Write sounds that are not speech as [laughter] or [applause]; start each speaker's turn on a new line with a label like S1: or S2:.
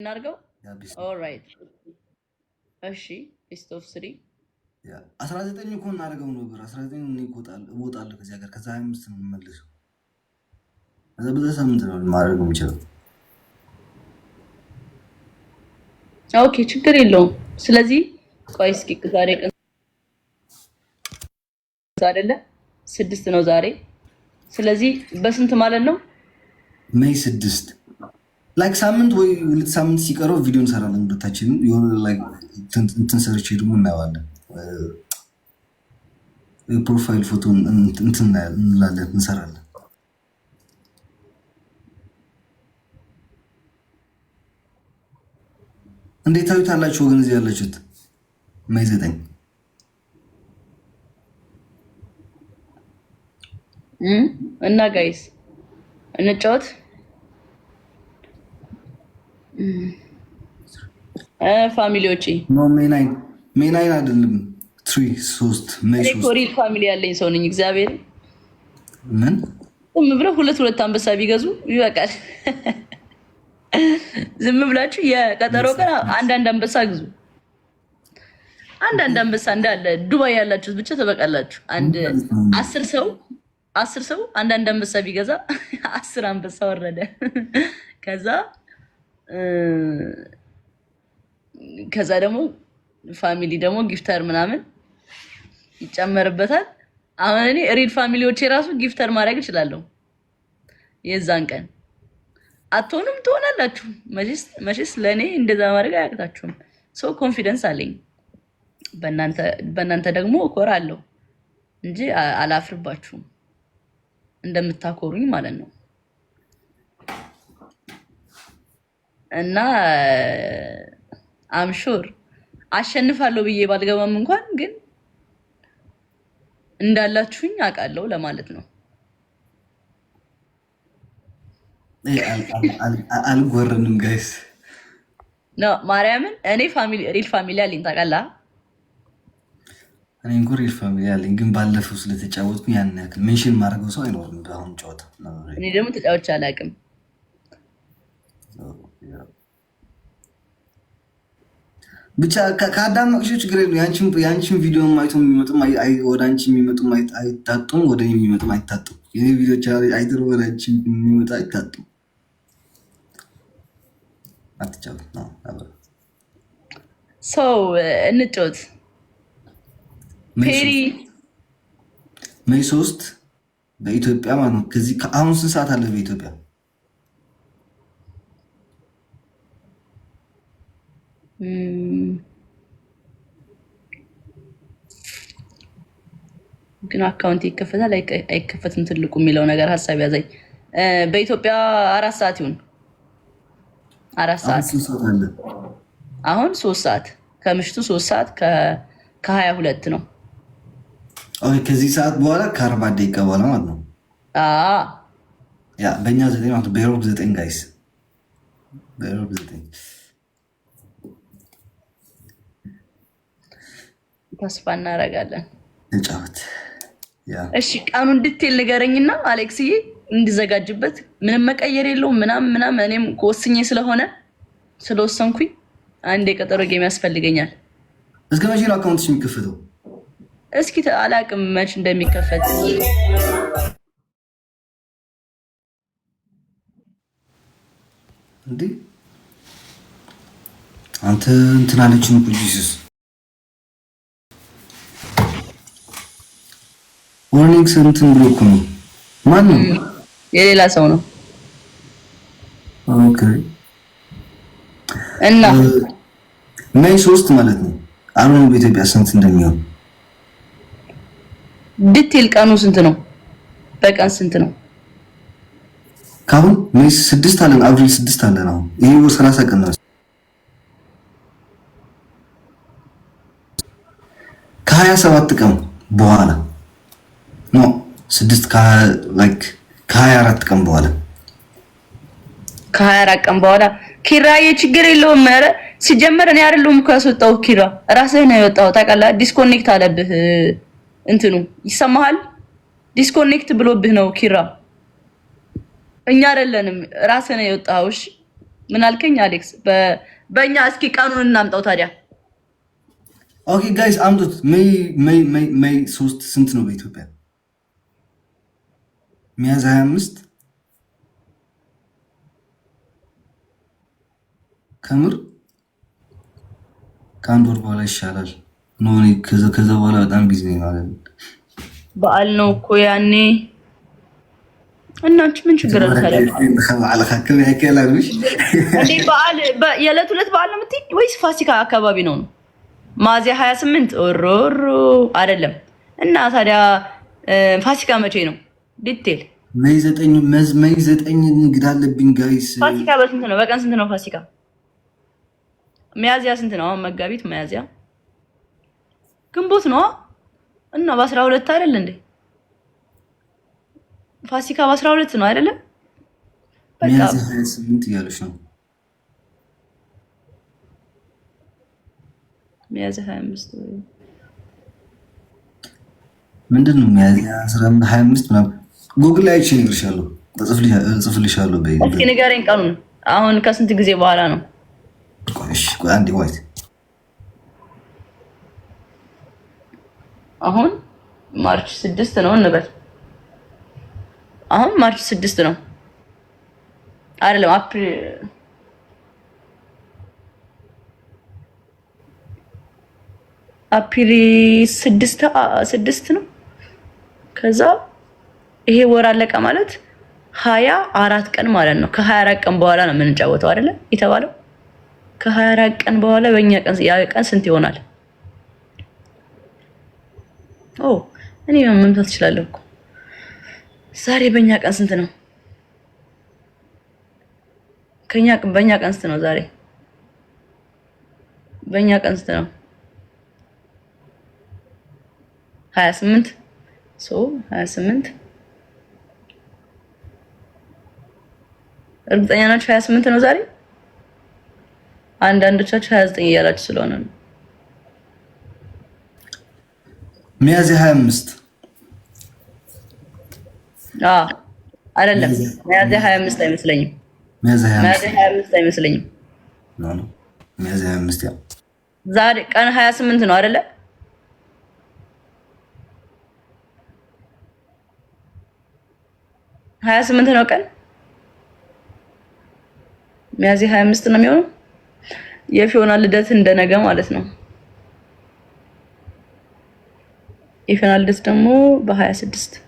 S1: እናድርገው። ኦራይት እሺ። ቤስት ኦፍ ስሪ
S2: አስራ ዘጠኝ እኮ እናደርገው ነበር። አስራ ዘጠኝ እወጣለሁ ከዚህ ሀገር። ከዛ ሀያ አምስት ነው የምመልሰው። ከዛ በዛ ሳምንት ነው ማድረግ የሚችለው።
S1: ኦኬ ችግር የለውም። ስለዚህ ቆይ እስኪ ዛሬ ቀን አይደለ ስድስት ነው ዛሬ። ስለዚህ በስንት ማለት ነው
S2: ሜይ ስድስት ላይክ ሳምንት ወይ ሁለት ሳምንት ሲቀረው ቪዲዮ እንሰራለን። ሁለታችን የሆነ እንትን ሰርቼ ደግሞ እናየዋለን። ፕሮፋይል ፎቶ እንላለን እንሰራለን። እንዴት አላችሁ ወገን? እዚህ ያለችሁት ማይ ዘጠኝ
S1: እና ጋይስ እንጫወት ፋሚሊዎቼ
S2: ሜናይን ሜናይን አይደለም ትሪ ሶስት
S1: ኮሪል ፋሚሊ ያለኝ ሰው ነኝ። እግዚአብሔር ምን ዝም ብለው ሁለት ሁለት አንበሳ ቢገዙ ይበቃል። [laughs] ዝም ብላችሁ የቀጠሮ ቀን አንዳንድ አንበሳ ግዙ። አንዳንድ አንበሳ እንዳለ ዱባይ ያላችሁት ብቻ ትበቃላችሁ። አንድ አስር ሰው አስር ሰው አንዳንድ አንበሳ ቢገዛ [laughs] አስር አንበሳ ወረደ [laughs] ከዛ ከዛ ደግሞ ፋሚሊ ደግሞ ጊፍተር ምናምን ይጨመርበታል። አሁን እኔ ሪል ፋሚሊዎች የራሱ ጊፍተር ማድረግ እችላለሁ። የዛን ቀን አትሆኑም ትሆናላችሁ። መቼስ ለእኔ እንደዛ ማድረግ አያቅታችሁም። ሰው ኮንፊደንስ አለኝ። በእናንተ ደግሞ እኮራለሁ እንጂ አላፍርባችሁም እንደምታኮሩኝ ማለት ነው። እና አምሹር አሸንፋለሁ ብዬ ባልገባም እንኳን ግን እንዳላችሁኝ አውቃለሁ ለማለት ነው።
S2: አልጎርንም ጋይስ
S1: ማርያምን። እኔ ሪል ፋሚሊ አለኝ ታውቃለህ።
S2: እኔ እንኳን ሪል ፋሚሊ አለኝ ግን ባለፈው ስለተጫወትኩ ያን ያክል ሜንሽን ማድረገው ሰው አይኖርም። በአሁን ጨዋታ
S1: እኔ ደግሞ ተጫወች አላውቅም።
S2: ብቻ ከአዳመቅሽው ችግር የለ። የአንቺን ቪዲዮ አይቶ የሚመጡም ወደ አንቺ የሚመጡም አይታጡም፣ ወደ እኔ የሚመጡም አይታጡም። የኔ ቪዲዮ አይተር ወደ አንቺ የሚመጡ አይታጡም። አትጫወት
S1: እንጫወት ፔሪ
S2: ሜይ ሶስት በኢትዮጵያ ማለት ነው። ከዚህ ከአሁን ስንት ሰዓት አለ በኢትዮጵያ?
S1: ግን አካውንት ይከፈታል አይከፈትም፣ ትልቁ የሚለው ነገር ሀሳብ ያዘኝ። በኢትዮጵያ አራት ሰዓት ይሁን አራት ሰዓት አሁን ሶስት ሰዓት ከምሽቱ ሶስት ሰዓት ከሀያ ሁለት ነው።
S2: ከዚህ ሰዓት በኋላ ከአርባ ደቂቃ በኋላ ማለት ነው። በእኛ ዘጠኝ በሮብ ዘጠኝ ጋይስ በሮብ ዘጠኝ
S1: ተስፋ እናደርጋለን። እንጫወት። እሺ ቀኑ እንድትል ንገረኝና አሌክስዬ እንዲዘጋጅበት ምንም መቀየር የለውም ምናም ምናም እኔም ወስኜ ስለሆነ ስለወሰንኩኝ አንድ የቀጠሮ ጌም ያስፈልገኛል።
S2: እስከ መቼ ነው አካውንትሽ የሚከፈተው?
S1: እስኪ አላቅም መች እንደሚከፈት
S2: እንዴ አንተ እንትናለችን አለችን ኦርኒክስ እንትን ብሎ እኮ ነው። ማን ነው?
S1: የሌላ ሰው ነው። ኦኬ። እና
S2: ሜይ uh, ሶስት ማለት ነው። አሁን በኢትዮጵያ ስንት እንደሚሆን
S1: ዲቴል ቀኑ ስንት ነው? በቀን ስንት ነው?
S2: ካሁን ሜይ ስድስት አለን፣ አብሪል ስድስት አለን። አሁን ይሄው 30 ቀን ነው። ከ ከ27 ቀን በኋላ ኖ ስድስት ከሀያ አራት ቀን በኋላ
S1: ከሀያ አራት ቀን በኋላ ኪራዬ፣ ችግር የለውም። ኧረ ሲጀመር እኔ አይደለሁም እኮ ያስወጣሁት ኪራ፣ ራስህ ነው የወጣው። ታውቃለህ፣ ዲስኮኔክት አለብህ እንትኑ ይሰማሃል። ዲስኮኔክት ብሎብህ ነው ኪራ፣ እኛ አይደለንም፣ ራስህ ነው የወጣው። እሺ ምን አልከኝ አሌክስ? በእኛ እስኪ ቀኑን እናምጣው ታዲያ።
S2: ኦኬ ጋይስ አምጡት። ሜይ ሶስት ስንት ነው በኢትዮጵያ? ሚያዝያ 25 ከምር ከአንድ ወር በኋላ ይሻላል። ከዛ በኋላ በጣም ቢዚ ነኝ ማለት ነው።
S1: በዓል ነው እኮ ያኔ እናንቺ ምን ችግር አለ? በዓል የዕለት ሁለት በዓል ነው የምትይ ወይስ ፋሲካ አካባቢ ነው? ነው ሚያዝያ 28 ኦሮሮ አይደለም። እና ታዲያ ፋሲካ መቼ ነው? ዲቴል
S2: መይ ዘጠኝ መይ ዘጠኝ ንግድ አለብኝ ጋይስ።
S1: ፋሲካ በስንት ነው? በቀን ስንት ነው ፋሲካ? መያዝያ ስንት ነው? መጋቢት መያዝያ ግንቦት ነው እና በአስራ ሁለት አይደል እንዴ? ፋሲካ በአስራ ሁለት ነው አይደለም?
S2: መያዝያ ሀያ ስምንት እያለች ነው።
S1: መያዝያ ሀያ አምስት
S2: ምንድን ነው? መያዝያ ሀያ አምስት ምናምን ጉግል ላይ አይቼ እነግርሻለሁ፣ እጽፍልሻለሁ። እስኪ
S1: ንገረኝ ቀኑን። አሁን ከስንት ጊዜ በኋላ ነው? አንዴ ዋይት አሁን ማርች ስድስት ነው እንበል። አሁን ማርች ስድስት ነው አይደለም? አፕሪል አፕሪል ስድስት ነው ከዛ ይሄ ወር አለቀ ማለት ሀያ አራት ቀን ማለት ነው። ከሀያ አራት ቀን በኋላ ነው የምንጫወተው አይደለ የተባለው። ከሀያ አራት ቀን በኋላ በእኛ ቀን ያ ቀን ስንት ይሆናል? ኦ እኔ መምታት እችላለሁ እኮ ዛሬ በእኛ ቀን ስንት ነው? ከኛ በእኛ ቀን ስንት ነው? ዛሬ በእኛ ቀን ስንት ነው? ሀያ ስምንት ሶ ሀያ ስምንት እርግጠኛ ናችሁ? 28 ነው ዛሬ። አንዳንዶቻችሁ 29 ዘጠኝ እያላችሁ ስለሆነ ነው።
S2: ሚያዝያ 25 አምስት
S1: አይደለም፣ ሚያዝያ ሀያ አይመስለኝም። አይመስለኝም። ያው ዛሬ ቀን 28 ነው አይደለ? ሀያ ስምንት ነው ቀን ሚያዝያ 25 ነው የሚሆነው የፊዮና ልደት እንደነገ ማለት ነው። የፊዮና ልደት ደግሞ በ26